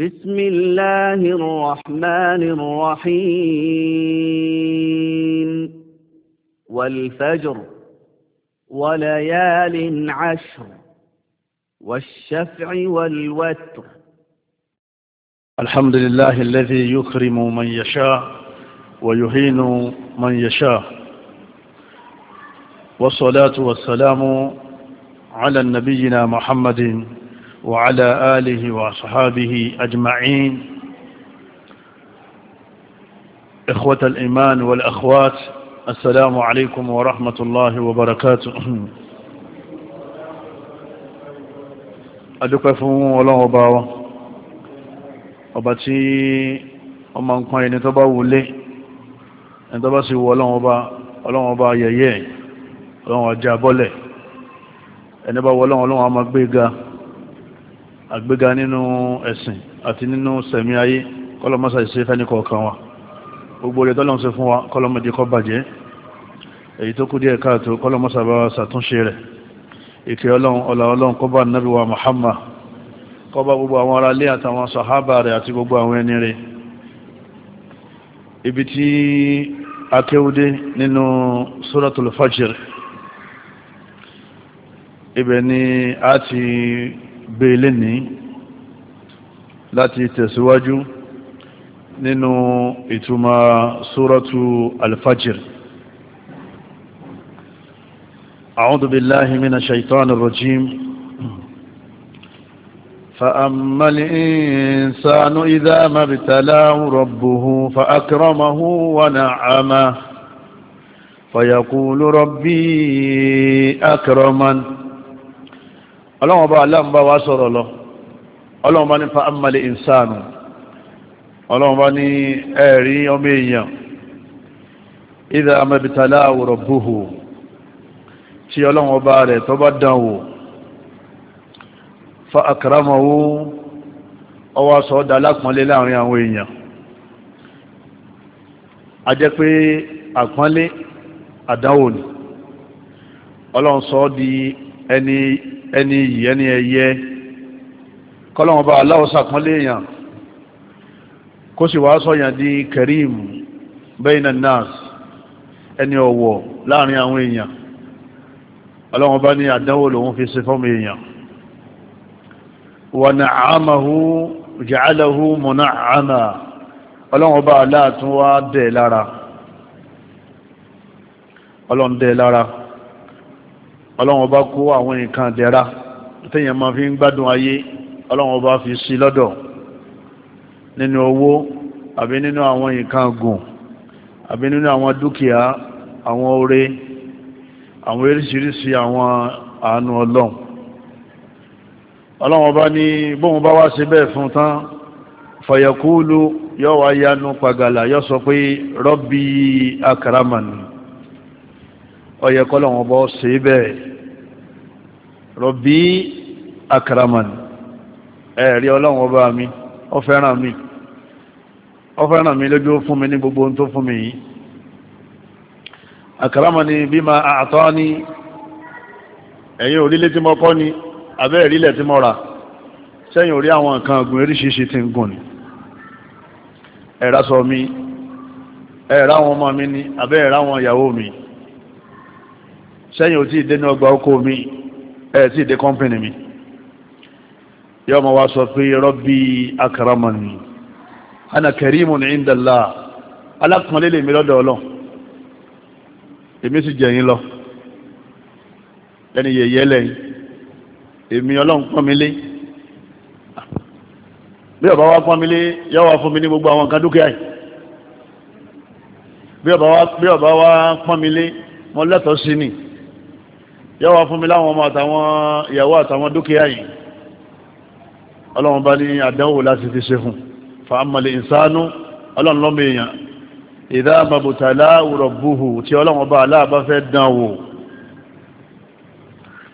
بسم الله الرحمن الرحيم والفجر وليال عشر والشفع والوتر الحمد لله الذي يكرم من يشاء ويهين من يشاء والصلاة والسلام على النبينا محمد وعلى آله وأصحابه أجمعين إخوة الإيمان والأخوات السلام عليكم ورحمة الله وبركاته adúpẹ́ fún ọlọ́run ọba wa ọba tí ọmọ nǹkan ẹni tó bá wulé ẹni tó bá sì wọ ọlọ́run ọba ọlọ́run ọba yẹ̀yẹ́ ọlọ́run ọjà bọ́lẹ̀ ẹni bá wọ ọlọ́run ọlọ́run a máa gbé ga àgbéga nínú ẹ̀sìn àti nínú sẹ̀mí ayé kọlọmọsà ìṣe fẹ́ni kọ̀ọ̀kan wa gbogbo rẹ̀ tọ́lọ́n ṣe fún wa kọlọmọdé kọ́ bàjẹ́ èyí tó kú díẹ̀ káàtó kọlọmọsà bá ṣàtúnṣe rẹ̀ ìkẹ́ ọlọ́run ọlá ọlọ́run kó bá wa Muhammad kó bá gbogbo àwọn ará ilé àtàwọn sàhábà rẹ̀ àti gbogbo àwọn ẹni rẹ̀ ibi tí akéwúdé nínú suratul ibẹ̀ ni a ti gbé lénìí láti tẹ̀síwájú nínú ìtumọ̀ súrọ́tù alfajir أعوذ بالله من الشيطان الرجيم فأما الإنسان إذا ما ابتلاه ربه فأكرمه ونعمه فيقول ربي أكرمن ọlọ́wọ́n bá aláàmú bá wa sọ̀rọ̀ lọ ọlọ́wọ́n bá ní fa amali insanu ọlọ́wọ́n bá ní ẹ̀rí ọmọ èèyàn ìdá amẹ́bìtálá rabbuhu tí ọlọ́wọ́n bá rẹ̀ tó bá dán wò fa akramahu ọwọ́ sọ ọ́dà láàrin àwọn èèyàn a jẹ́ pé àpọ́nlé àdánwò ni ọlọ́run sọ di ẹni ẹni yìí ẹni ẹyẹ kọ́lọ́wọ́n bá aláwọ̀ sàpọ́nlé èèyàn kó sì wá sọ̀yàn di karim bẹ́yìn nas ẹni ọ̀wọ̀ láàrin àwọn èèyàn ọlọ́wọ́n bá ní àdánwò lòun fi ṣe fọ́mù èèyàn wa na'amahu ja'alahu mun'ama ọlọ́wọ́n bá aláàtún wá dẹ̀ lára ọlọ́ndẹ̀ lára ọlọ́run ọba kó àwọn nǹkan dẹ̀ra téèyàn máa fi ń gbádùn ayé ọlọ́run ọba fi sí lọ́dọ̀ nínú owó àbí nínú àwọn nǹkan gùn àbí nínú àwọn dúkìá àwọn oore àwọn oríṣiríṣi àwọn àánú ọlọ́run ọlọ́run ọba ní bóun bá wá ṣe bẹ́ẹ̀ fún tán fàyàkúlù yọ wá yanu pàgàlà yọ sọ pé rọ́bì akaraman ọyẹ kọlọ́wọ́n bọ́ ṣe bẹ́ẹ̀ rọ̀bí akaraman ẹ̀rí ọlọ́wọ́n ọba mi ó mi ó mi lójú fún mi ní gbogbo ohun tó fún mi yìí akaraman bí ma àtọ́ ni ẹ̀yin òrílé tí mo ni abe ìrílẹ̀ tí mo rà sẹ́yìn orí àwọn nǹkan ọ̀gbìn oríṣiríṣi tí ń gùn ni sọ mi sẹ́yìn ò tí ì dé ní ọgbà oko mi ẹ̀ tí ì dé kọ́mpìnì mi yóò máa wá sọ pé rọ́bì akaramani ana karimun indala alákùnrin lèmi lọ́dọ̀ ọlọ́ èmi sì jẹ̀yìn lọ lẹ́ni yẹ̀yẹ́ lẹ́yìn èmi ọlọ́run pọ́n mi lé bí ọba wa pọ́n mi lé yọ wá fún mi ní gbogbo àwọn nǹkan dúkìá yìí bí ọba wa pọ́n mi lé mo lẹ́tọ̀ọ́ sí ni yọ́wà fún mi láwọn ọmọ àtàwọn ìyàwó àtàwọn dúkìá yìí ọlọ́run bá ní àdánwò láti fi ṣe fún fàámàlì ìsánú ọlọ́run lọ́mọ èèyàn ìdá àbàbòtàlá rabbuhu tí ọlọ́run bá aláàbá fẹ́ dán wò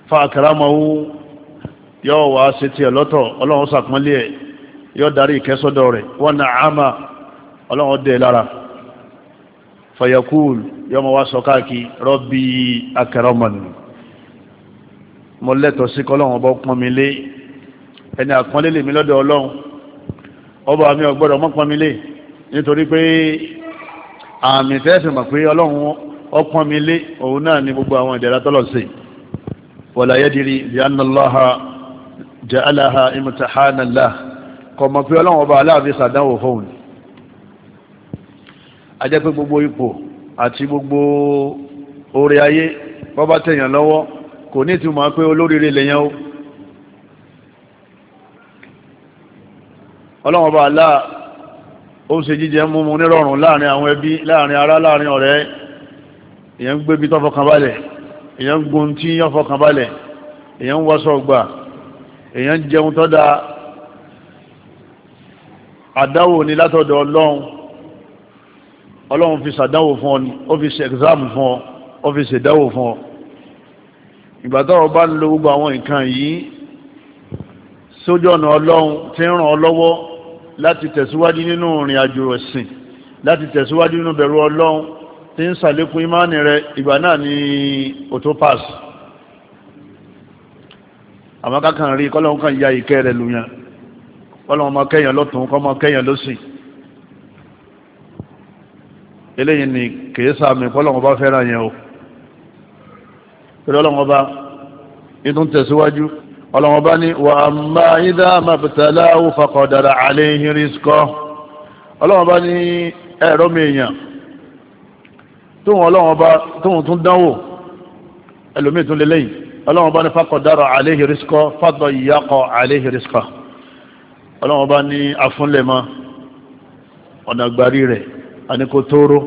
fa àkàràmọ́wó yọ́ wà á ṣe tiẹ̀ lọ́tọ̀ ọlọ́run sàpọ́nlé mo lẹ́tọ̀ọ́ sí kọ́lọ́run ọba pọ́n mi lé ẹni àpọ́nlé lèmi lọ́dọ̀ ọlọ́run ọba mi ò gbọ́dọ̀ mọ́ pọ́n mi lé nítorí pé àmì tẹ́sí mọ̀ pé ọlọ́run ọpọ́n mi lé òun náà ni gbogbo àwọn ìdẹ̀ra tọ́lọ̀ sí wala yadiri bi anna Allaha ja'alaha imtihana lah kò mọ̀ pé ọlọ́run ọba aláàbí sàdánwò fóun ajẹ́ pé gbogbo ipò àti gbogbo oore ayé bọ́bá tẹ̀yàn lọ́wọ́ kò ní ìtumọ̀ pé olóríire lèyàn o ọlọ́wọ́n bá láà ó ṣe jíjẹ múmu nírọ̀rùn láàrin àwọn ẹbí láàrin ará láàrin ọ̀rẹ́ èyàn ń gbébi tó fọkànbalẹ̀ èyàn ń gun tí yán fọkànbalẹ̀ èyàn ń wọṣọ ọgbà èyàn ń jẹun tó dáa àdáwò ni látọ̀dọ̀ ọlọ́run ọlọ́run fi ṣàdáwò fún ọ ó fi ṣe ẹ̀gzáàmù fún ọ ó fi ṣèdáwò fún ọ ìgbàtọ́ ọba ń lo gbogbo àwọn nǹkan yìí sójú ọ̀nà ọlọ́run tí ń ràn ọ lọ́wọ́ láti tẹ̀síwájú nínú ìrìn àjò ẹ̀sìn láti tẹ̀síwájú nínú bẹ̀rù ọlọ́run tí ń sàlékún ìmánì rẹ ìgbà náà ni otopas àmọ́ kákan rí kọ́lọ́run kan ya ìkẹ́ rẹ lùyàn kọ́lọ́run máa kẹ́yàn lọ́tún kọ́ máa kẹ́yàn lọ́sìn eléyìí ni kèé sáàmì kọ́lọ́run bá fẹ́ràn yẹn o pẹ̀lú ọlọ́run ọba ìtún tẹ̀síwájú ọlọ́run ọba ní wà á má ìdá màbìtàlá ó fàkọ̀dàrà àlẹ́ ìhìnrìsíkọ́ ọlọ́run ọba ní ẹ̀rọ mi èèyàn tóun ọlọ́run ọba tóun tún dánwò ẹlòmíì tún lélẹ́yìn ọlọ́run ọba ní fàkọ̀dàrà àlẹ́ ìhìnrìsíkọ́ fàtọ̀ ìyàkọ̀ àlẹ́ ìhìnrìsíkọ́ ọlọ́run ọba ní afúnlẹ̀mọ́ ọ̀nà àgbárí rẹ̀ àníkótóró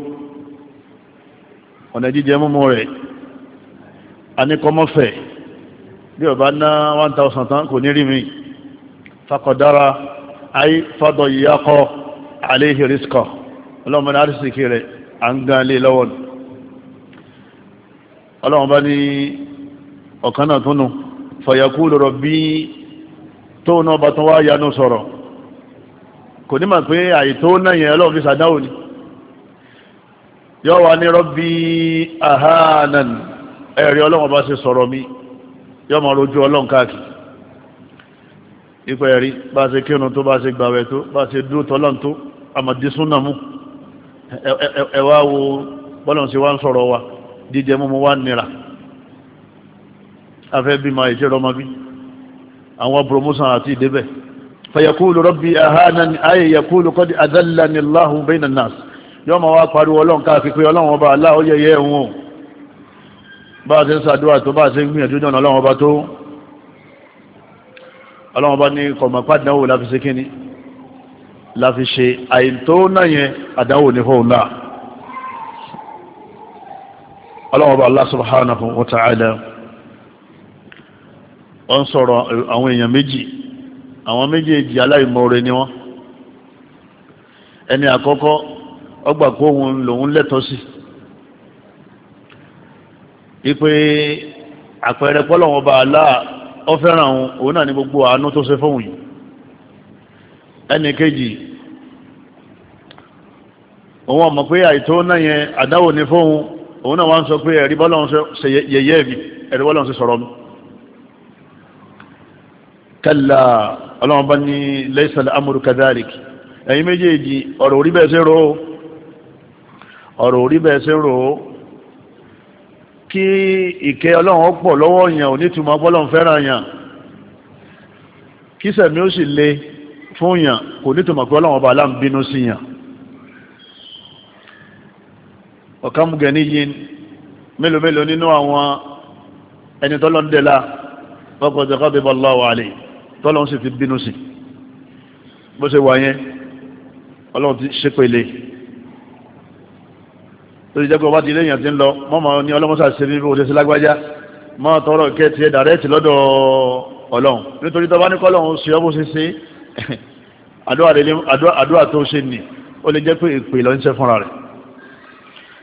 ọ̀nà jíjẹ múmú rẹ̀ anikọmọfẹ bí ọba ná one thousand tán kò ní rí mi fakọdára ayé fọdọ ìyàkọ àléhì rìsíkọ ọlọ́run bá ní àrísìkì rẹ̀ à ń gan lé lọ́wọ́ ni ọlọ́run bá ní ọ̀kan náà túnú fọ̀yàkú lọ́rọ̀ bí tóun náà bá tún wá yanu sọ̀rọ̀ kò ní mà pé àìtó náà yẹn ọlọ́run fi sàdáwò ni yọ wà ní rọ́bì ahánan ẹ̀rí ọlọ́run bá ṣe sọ̀rọ̀ mi yọ máa rojú ọlọ́run káàkiri ipa ẹ̀rí bá ṣe kírun tó bá ṣe gbàwẹ̀ tó bá ṣe dúró tọ́lọ́n tó àmàdí súnà mú ẹ wá wo bọ́lọ̀n ṣe wá ń sọ̀rọ̀ wa jíjẹ mú mu wá nira afẹ́ bí máa ìṣe rọmọ bí àwọn promotion àti ìdébẹ̀ fayakulu rabbi ahanani ayé yakulu qad adallani Allahu bayna nas yọ máa wá pariwo ọlọ́run káàkiri pé ọlọ́run ọba aláwọ̀ yẹyẹ ẹ̀hún o bá ṣe ń sàdúwà tó bá ṣe ń gbìyànjú jọ́nà ọlọ́run ọba tó ọlọ́run ọba ní kọ̀mọ̀ pàdánwò láfi ṣe kíní láfi ṣe àìtó náà yẹn àdánwò ní fóun Allah subhanahu wa ta'ala wọ́n sọ̀rọ̀ àwọn èèyàn méjì àwọn méjèèjì aláìmoore ni wọ́n ẹni àkọ́kọ́ ọgbà òun lòun lẹ́tọ̀ọ́ sí ipe àpẹẹrẹ pọ́lọ́wọ́n bá aláà ọ fẹ́ràn òun òun náà ní gbogbo àánú tó ṣe fóun yìí ẹnì kejì òun ọmọ pé àìtó náà yẹn àdáwò ní fóun òun náà wá ń sọ pé ẹ̀rí bọ́lọ́run ṣe yẹyẹ mi ẹ̀rí bọ́lọ́run ṣe sọ̀rọ̀ mi kalla ọlọ́run bá ní laysal amru kadhalik ẹ̀yin méjèèjì ọ̀rọ̀ orí bẹ́ẹ̀ ṣe rò ọ̀rọ̀ orí bẹ́ẹ̀ ṣe rò ó kí ìkẹ́ ọlọ́run pọ̀ lọ́wọ́ yàn ò ní túmọ̀ bọ́lọ́run fẹ́ràn yàn kí sẹ̀mí ó sì le fún yàn kò ní túmọ̀ pé ọlọ́run ọba aláàmú bínú sí yàn ọ̀kàmùgẹ̀ níyìn mélòó mélòó nínú àwọn ẹni tọ́lọ́ ń dẹ́la wọ́pọ̀ tẹ́kọ́ bí bọ́lá wà lè sì ti bínú sí bó ṣe wà yẹn ọlọ́run ti ṣépele lórí jẹ́ pé ọba ti ilé èèyàn ti ń lọ mọ́mọ́ ní ọlọ́mọ́sá ṣe ní òṣèṣe lágbájá mọ́ tọrọ kẹ́ tiẹ̀ dàrẹ́ẹ̀tì lọ́dọ̀ ọlọ́run nítorí tọ́ba ní kọ́lọ́run ṣe ọ́ bó ṣe ṣe àdúrà tó ṣe nì ó lè jẹ́ pé èpè lọ ń ṣe fúnra rẹ̀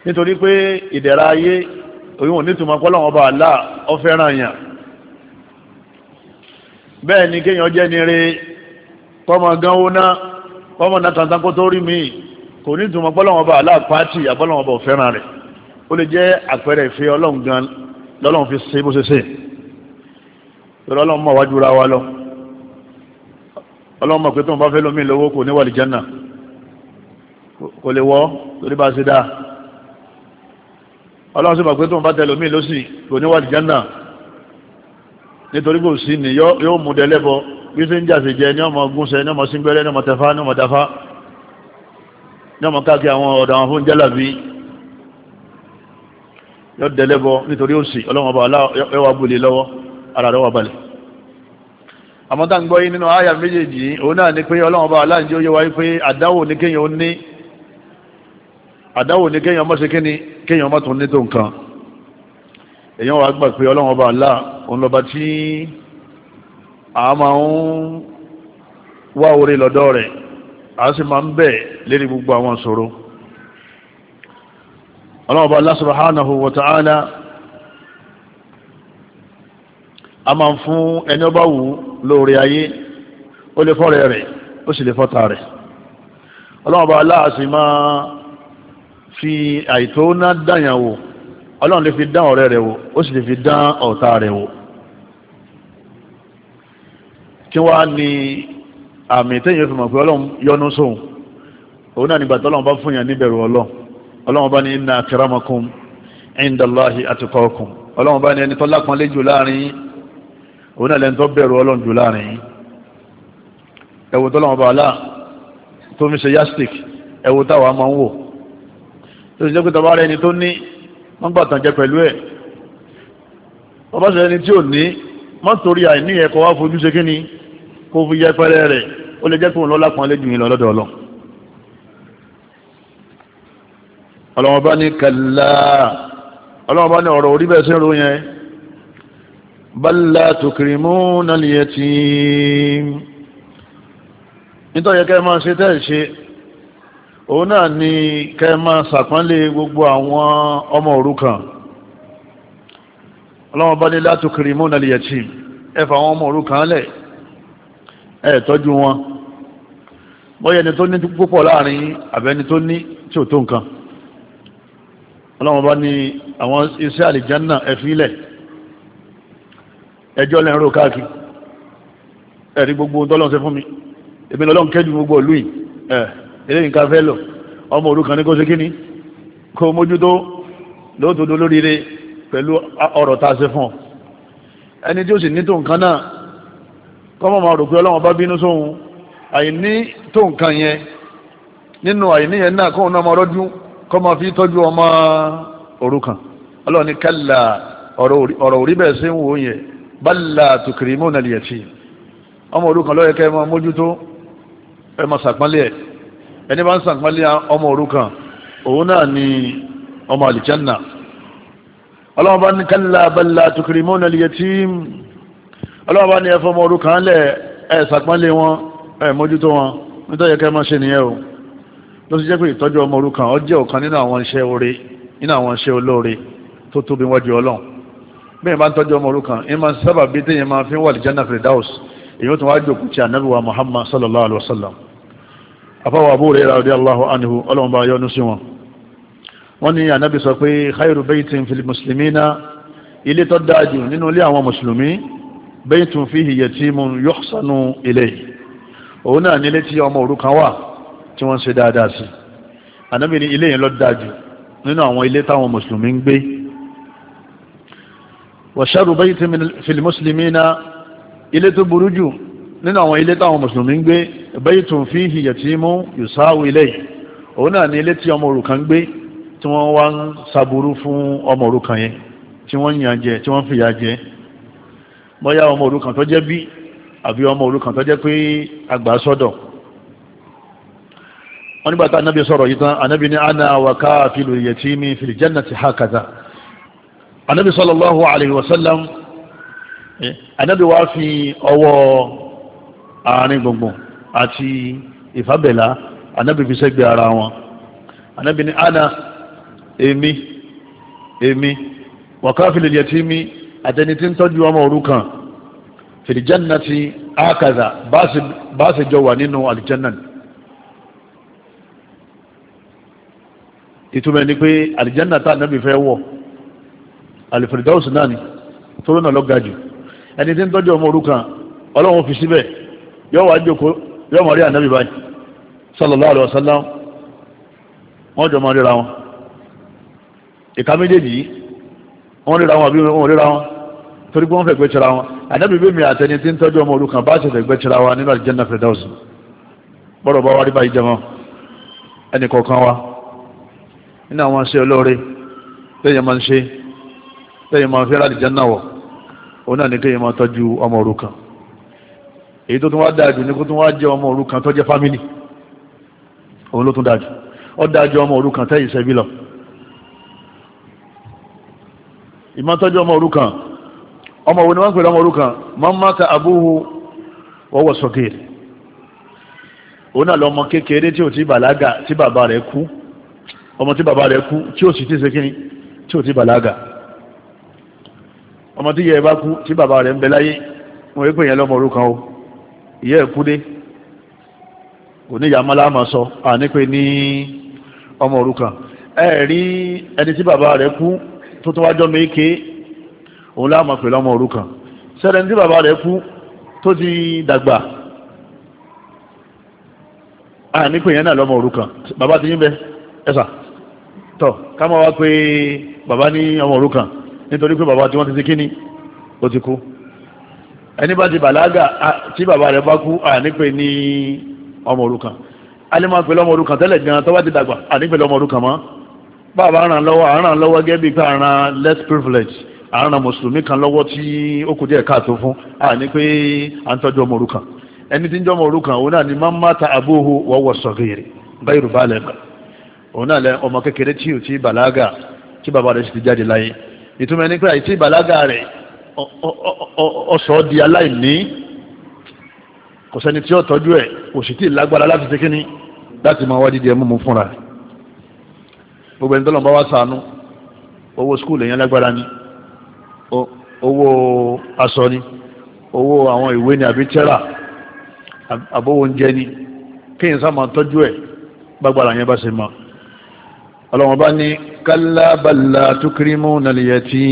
nítorí pé ìdẹ̀ra ayé òun ò nítumọ̀ kọ́lọ́run ọba àlá ọ̀fẹ́ràn àyàn bẹ́ẹ̀ ni kéèyàn jẹ́ ni re kọ́mọ gánwó ná kọ́mọ kò ní ìtumọ̀ bọ́lọ́wọ́n bá aláàpáàtì àbọ́lọ́wọ́n bá òfẹ́ràn rẹ̀ ó lè jẹ́ àpẹẹrẹ ìfẹ́ ọlọ́run gan lọ́lọ́run fi ṣe bó ṣe ṣe lọ́rọ́ ọlọ́run mọ̀ wájú ra wa lọ ọlọ́run mọ̀ pé tóun bá fẹ́ lómi lówó kò ní wàlì jẹ́nà kò lè wọ́ torí bá ṣe dáa ọlọ́run sì mọ̀ pé tóun bá tẹ lómi lọ́sì kò ní wàlì jẹ́nà nítorí kò sí ni yóò mú dẹ́lẹ́bọ bí ṣe jẹ ní ọmọ gúnṣẹ ní ọmọ síngbẹ́rẹ́ ní ọmọ tẹfá ní ọmọ tẹfá ní ọmọ káàkiri àwọn ọ̀dọ̀ àwọn fún jálàbí yọ dẹ̀lẹ́bọ nítorí òsì ọlọ́mọba aláwọ̀ abúlé lọ́wọ́ ara rẹ̀ balẹ̀ àmọ́ ń gbọ́ yí nínú àyà méjèèjì òun náà ni pé ọlọ́mọba aláǹjẹ́ ó yẹ wáyé pé àdáwò ní kéèyàn ó ní àdáwò ní kéèyàn mọ́ sí kíni kéèyàn mọ́ tún ní tó nǹkan èèyàn wà gbà pé ọlọ́mọba alá òun lọ́ba tí a máa ń wá orí lọ́dọ̀ rẹ̀ a sì máa ń bẹ̀ lérí gbogbo àwọn ṣòro ọlọ́ọ̀bá a máa ń fún ẹni ọba wù ayé ó lè fi àìtó ná ọlọ́run lè fi dán ọ̀rẹ́ rẹ̀ wò àmì tẹ́yìn fi mọ̀ pé ọlọ́run yọ́nú sóhun òun náà nígbà tọ́lọ́run bá fún yàn níbẹ̀rù ọlọ́run ọlọ́run bá ní inna akramakum indallahi atqakum ọlọ́run bá ní ẹni tó lápọ́nlé jù láàrin òun náà lẹ́ni tó bẹ̀rù ọlọ́run jù láàrin ẹ̀wò tọ́lọ́run bá aláà tó fi ṣe yastik ẹ̀wò táwa máa ń wò tó ṣe jẹ́ pé ẹni tó ní wọ́n gbà tàn kó fi yẹpẹrẹ rẹ̀ ó lè jẹ́ fún ọlọ́lá kan lé jù yín lọ lọ́dọ̀ ọlọ́ ọlọ́wọ́n bá ní kàlá ọlọ́wọ́n bá ní ọ̀rọ̀ orí bẹ́ẹ̀ sí ro yẹn bala tukrimuna al-yatim nítorí kẹ́ máa ṣe tẹ́ẹ̀ ṣe òun náà ni kẹ́ máa ṣàpọ́nlé gbogbo àwọn ọmọ òrukàn ọlọ́wọ́n bá ní la tukrimuna al-yatim ẹ fà àwọn ọmọ òrukàn lẹ̀ ẹ tọ́jú wọn bóyá ẹni tó ní púpọ̀ láàrin àbẹ́ni tó ní tí ò tó nǹkan ọlọ́run bá ní àwọn iṣẹ́ àlìjánà ẹ̀fílẹ̀ ẹjọ́ lẹ́rọ káàkiri ẹ̀rí gbogbo tọ́lọ́n ṣe fún mi èmi lọ́lọ́n kẹ́jú gbogbo ìlú yìí ẹ̀ eléyìí nǹkan fẹ́ lọ ọmọ òrukàn ní kó ṣe kíní kó mójútó lóòtòdó lóríire pẹ̀lú ọ̀rọ̀ tá ṣe fún ẹni tí ó sì ní tó nǹkan náà kọ́mọ̀ máa rò pé ọlọ́run bá bínú sóhun àìní tó nǹkan yẹn nínú àìní yẹn náà kóhun náà máa máa fi tọ́jú ọmọ òrukàn ọlọ́run ní kálà ọ̀rọ̀ òrí bẹ́ẹ̀ sí wò yẹn bálà tùkìrìmù nà lìyẹ̀tì ọmọ òrukàn lọ́yẹ kẹ́ ẹ máa mójútó ẹ máa sàpánlé ẹ ẹni bá ń ọmọ òun náà ni ọmọ àlìjánà ọlọ́run bá ní kálà bálà ọlọ́wọ́ bá ní ẹfọ́ ọmọ ọdún kan lẹ̀ ẹ̀ sàpánlé wọn ẹ̀ mójútó wọn nítorí ẹ̀kẹ́ máa ṣe nìyẹn o ló ti jẹ́ pé ìtọ́jú ọmọ ọdún kan ó jẹ́ ọ̀kan nínú àwọn iṣẹ́ oore nínú àwọn iṣẹ́ olóore tó tóbi wájú ọlọ́run bẹ́ẹ̀ bá ń tọ́jú ọmọ ọdún kan ẹ̀ máa sábà bí téèyàn máa fi ń wà lí Janna Firdaus èyí tó wá jòkó ti ànábì wa Muhammad sallallahu alayhi wa sallam baytun fihi yatimun yuhsanu ilayhi òun náà nílé tí ọmọ òrukàn wà tí wọ́n ṣe dáadáa sí ànábì ní ilé yẹn ló dájú nínú àwọn ilé táwọn mùsùlùmí ń gbé wa sharru baytin fil muslimina ilé tó burú jù nínú àwọn ilé táwọn mùsùlùmí ń gbé baytun fihi yatimun yusawu ilayhi òun náà ní tí ọmọ òrukàn gbé tí wọ́n wá ń saburú fún ọmọ òrukàn yẹn tí wọ́n ń yàn jẹ tí wọ́n fìyà jẹ bóyá ọmọ òrukàn tó jẹ́ bí àbí ọmọ òrukàn tó jẹ́ pé àgbà sọ́dọ̀ wọ́n nígbà tá anábì sọ̀rọ̀ yìí tán anábì ní ana àwàká àfihàn yatimi fil jannati hakadha anábì sallallahu alayhi wa sallam anábì wá fi ọwọ́ àárín gbùngbùn àti ìfábẹ̀lá anábì fi sẹ́gbẹ̀ ara wọn anábì ní ana èmi èmi wàká àfihàn yatimi àtẹni tí ń tọ́jú ọmọ òrukàn fìdíjánná ti ákàdà bá ṣe jọ wà nínú àlìjánná ìtumọ̀ ni pé àlìjánná tá ànábì fẹ́ wọ̀ àlìfìrìdáwùsì náà ni tó lónà lọ́ga jù ẹni tí ń tọ́jú ọmọ òrukàn ọlọ́run fi síbẹ̀ yóò wá jókòó yóò mọ̀ rí ànábì báyìí sallallahu alaihi wasallam wọ́n jọ mọ̀ ríra wọn ìka méjèèjì yìí wọ́n ríra wọn àbí wọ́n ríra wọn torí pé wọ́n fẹ́ gbẹ́tsira wọn àdàbí bẹ́ẹ̀ mi àtẹni tí ń tọ́jú ọmọ olùkàn bá ṣẹ̀ṣẹ̀ gbẹ́tsira wa nínú àlùjánnà fẹ̀dáwùsì bọ́dọ̀ bá wá rí báyìí jẹmọ́ ẹnì kọ̀ọ̀kan wa nínú àwọn ṣe olóore lẹ́yìn máa ń ṣe lẹ́yìn máa fẹ́ àlùjánnà wọ̀ òun náà ní kéèyàn máa tọ́jú ọmọ olùkàn èyí tó tún wá dáa jù ní kó tún wá jẹ́ ọmọ olùkàn tó jẹ́ fámìlì òun ló tún dáa jù ó dáa jù ọmọ olùkàn tẹ́yìn ṣẹ́bí lọ ìmọ́tọ́jú ọmọ òrukàn ọmọ wo ni wọ́n ń pèrè ọmọ òrukàn mọ́mọ́ta abúhu wọ́wọ́ sọ́kèrè òun náà lọ́mọ kékeré tí ò ti bàlágà tí bàbá rẹ̀ kú ọmọ tí bàbá rẹ̀ kú tí ò sì ti sekiri tí ò ti bàlágà ọmọ tí yẹ bá kú tí bàbá rẹ̀ ń bẹ láyé wọ́n yẹ pé yẹn lọ́mọ òrukàn o ìyẹ́ ẹ̀kú dé kò ní ìyá mọ́lá máa pé ní ọmọ òrukàn ẹ̀ẹ̀rí ẹni tí bàbá rẹ̀ kú tó tún wájọ́ mi ké òun láàmà pẹ̀lú ọmọ òrukàn sẹ́rẹ̀ ní tí bàbá rẹ̀ kú tó ti dàgbà a ní pé yẹn náà lọ́mọ òrukàn bàbá ti yín bẹ ẹ̀sà tọ̀ ká máa wá pé bàbá ní ọmọ òrukàn nítorí pé bàbá tí wọ́n ti ti kíní ó ti kú ẹni bá ti bàlágà tí bàbá rẹ̀ bá kú a pé ní ọmọ òrukàn a lè máa pẹ̀lú ọmọ òrukàn tẹ́lẹ̀ gan tó bá ti dàgbà a pẹ̀lú ọmọ òrukàn mọ́ baaba àràn lọ́wọ́ àràn lọ́wọ́ gẹ́bí pé àràn less privilege ara mùsùlùmí kan lọ́wọ́ tí ó kù díẹ̀ káàtó fún àní pé à ń tọ́jú ọmọ ẹni tí ń òun náà ni máa ń máta àbóhu wọ́wọ́ sọ̀gẹ̀rẹ̀ ọmọ kékeré tí ò tí bàlágà tí bàbá rẹ̀ sì ti jáde láyé ìtumọ̀ ẹni pé àìtí bàlágà rẹ̀ ọ̀sọ̀ di aláìní kò sẹ́ni tí ó tọ́jú ẹ̀ kò sì tí ì lágbára láti ṣe kíní láti máa wá dídí mu gbogbo ẹni tọ́lọ́mọba wá sànú owó skul èèyàn lágbára ni owó aṣọ ni owó àwọn ìwé ni àbí tẹ́rà àbówó oúnjẹ ni kéèyàn sáàmà tọ́jú ẹ̀ gbágbára yẹn bá ṣe mọ́ ọlọ́wọ́n bá ní kálá bàlá túkírímù nàlìyẹ tí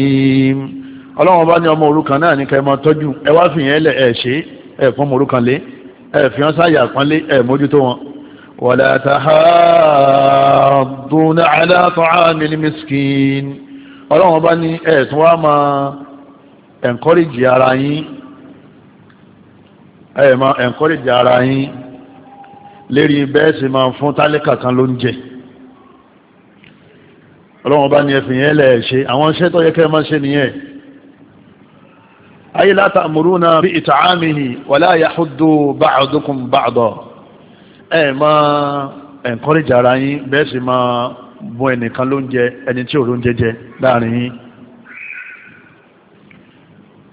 ọlọ́wọ́n bá ní ọmọ òrukàn náà ní kẹ́ẹ̀mọ́ tọ́jú ẹ wá fìyàn ẹlẹ̀ ẹ̀ ṣe ẹ̀ fún ọmọ òrukàn lé ẹ̀ fi sáyà pọ́nlé ẹ̀ mójútó wọn ولا تحاضون على طعام المسكين ọlọ́run bá ní ẹ̀sùn wa máa ẹ̀ńkọ́rìjì ara yín ẹ̀ máa ẹ̀ńkọ́rìjì ara yín lérí bẹ́ẹ̀ sì máa fún tálíkà kan ló ń jẹ ọlọ́run bá ní ẹ̀fìn yẹn lẹ̀ ṣe àwọn iṣẹ́ tó yẹ kẹ́ máa ṣe nìyẹn ayé látàmúrú náà bí ìtààmì ẹ máa encourage ara yín bẹ́ẹ̀ sì máa bọ ẹnìkan lóúnjẹ ẹni tí ò lóúnjẹ jẹ láàrin yín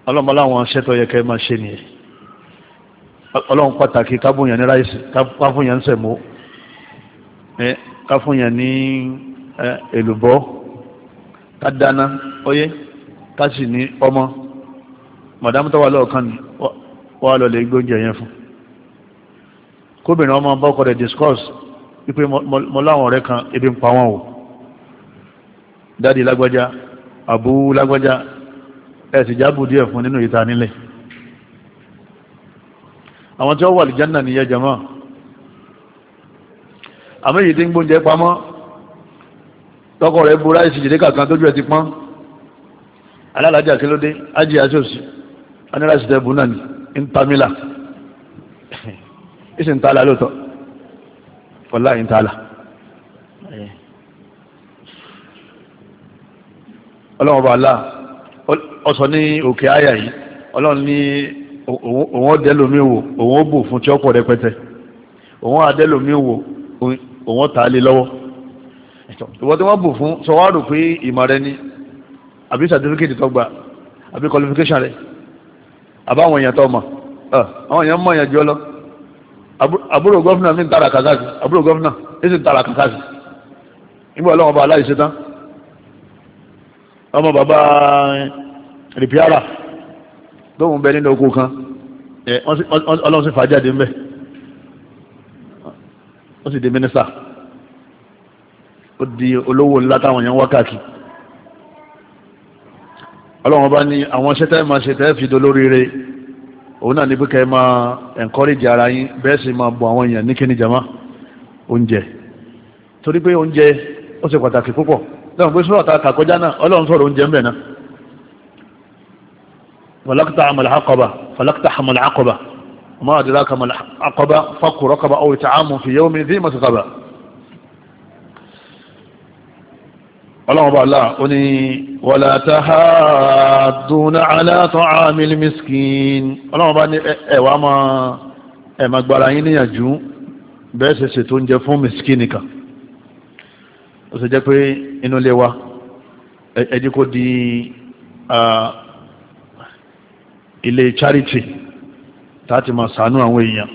ọlọ́mọ láwọn ṣẹ́tọ̀ yẹ kẹ́ máa ṣe nìyẹn ọlọ́run pàtàkì káfóyàn ní ráìsì káfóyàn ń sẹ̀mó káfóyàn ní èlùbọ́ kádáná oyé ká ní ọmọ mọ̀dámútọ́wà lọ́ọ̀kan ni wọ́n á lọ lè gbóúnjẹ yẹn fún un kóbìnrin ọmọ bọ́kọ̀ rẹ̀ discuss wípé mo láwọn ọ̀rẹ́ kan ebi ń pa wọn o dáàdi lágbájá àbú lágbájá ẹ sì jábù díẹ̀ fún nínú ìta nílẹ̀ àwọn tí wọ́n wà lìjánà nìyẹn jẹ̀mọ́ àmọ́ èyí tí ń gbóúnjẹ pamọ́ tọkọ rẹ̀ bu ráìsì jìdí kankan tójú ẹ ti pọ́n alálàájà kí ájì àti òsì aníláṣìṣẹ́ ní ń ìṣe ń tààlà lóòótọ́ ọ̀la yìí ń tààlà eh. ọlọ́run ọba àlá ọsọ ní òkè àyà yìí ọlọ́run ní òun ọdẹ lómi wò òun ó bò fún tí ọ̀pọ̀ rẹpẹtẹ òun adẹ lómi wò òun ọ̀tá lé lọ́wọ́ ìwọ tí wọ́n bò fún sọ wá rò pé ìmọ̀ rẹ ni àbí sàtífíkètì tó gbà àbí qualification rẹ àbáwọn èèyàn tó mọ̀ àwọn èèyàn mọ̀ èèyàn jọ lọ àbúrò gọ́fìnà mi ń tara kàkàsì àbúrò gọ́fìnà ní sì ń tara kàkàsì nígbà ọlọ́wọ́n bá aláìsí tán ọmọ bàbá eh, rìpíárà tóun bẹ nínú oko kan eh, ọlọ́run sì fàájáde ńbẹ ó sì di mínísà ó di olówó ńlá táwọn èèyàn wákàtí ọlọ́run bá ní àwọn ṣẹ́tẹ́ máa ṣe tẹ́ fi dolóríire òun náà ní pé kẹ́ máa encourage ara yín bẹ́ẹ̀ sì máa bọ àwọn èèyàn ní kíní jama oúnjẹ torí pé oúnjẹ ó ṣe pàtàkì púpọ̀ lẹ́wọ̀n pé sọ́rọ̀ ta kàkọjá náà ọlọ́run sọ̀rọ̀ oúnjẹ ń bẹ̀ náà falakta amal akọba falakta amal akọba ọmọ àdìrá kamal akọba fakùrọkọba ọ̀wìtà àmù fi yawmi dhi masakaba ọlọ́run bá láà ó ní wọ́lá tahaduna ala ta'amil miskin ọlọ́run bá ní ẹ̀wà máa ẹ̀mà gbára yín níyànjú bẹ́ẹ̀ ṣe ṣètò oúnjẹ fún miskin nìkan ó sì jẹ́ pé inú lé wa ẹ̀dí kó di ilé charity láti máa sànú àwọn èèyàn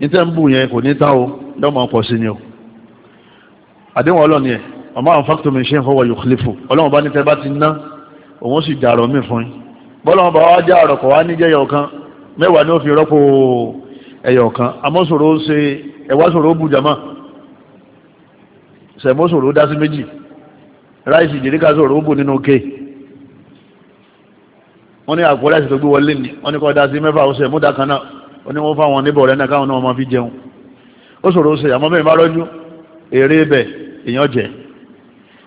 ní tẹ́ ń bù yẹn kò ní tán o lọ́mọ ọkọ̀ sí ni o àdéhùn ọlọ́ni ẹ̀ ọmọ àwọn fáktọ̀ mi ṣe ń fọwọ́ yukhlifu ọlọ́run bá ní tẹ́ bá ti ná òun sì dàrọ̀ mí fún yín bọ́lá wọn bá wá já ọ̀rọ̀ kọ̀ wá níjẹ́ ẹyọ kan mẹ́wàá ni ó fi rọ́pò ẹyọ kan amọ́sòro ṣe ẹwàsòro bùjàmá sẹ̀mọ́sòro dá sí méjì ráìsì jìríkà sòro bù nínú ké wọ́n ní àpò ráìsì tó gbé wọlé ni wọ́n ní kọ́ dá sí mẹ́fà ọ̀sẹ̀ múdà kan náà wọ́n ní wọ́n fáwọn níbọ̀ rẹ̀ náà káwọn náà máa fi jẹun ó sòro ṣe àmọ́ bẹ́ẹ̀ bá rọ́jú èrè bẹ̀ èèyàn jẹ́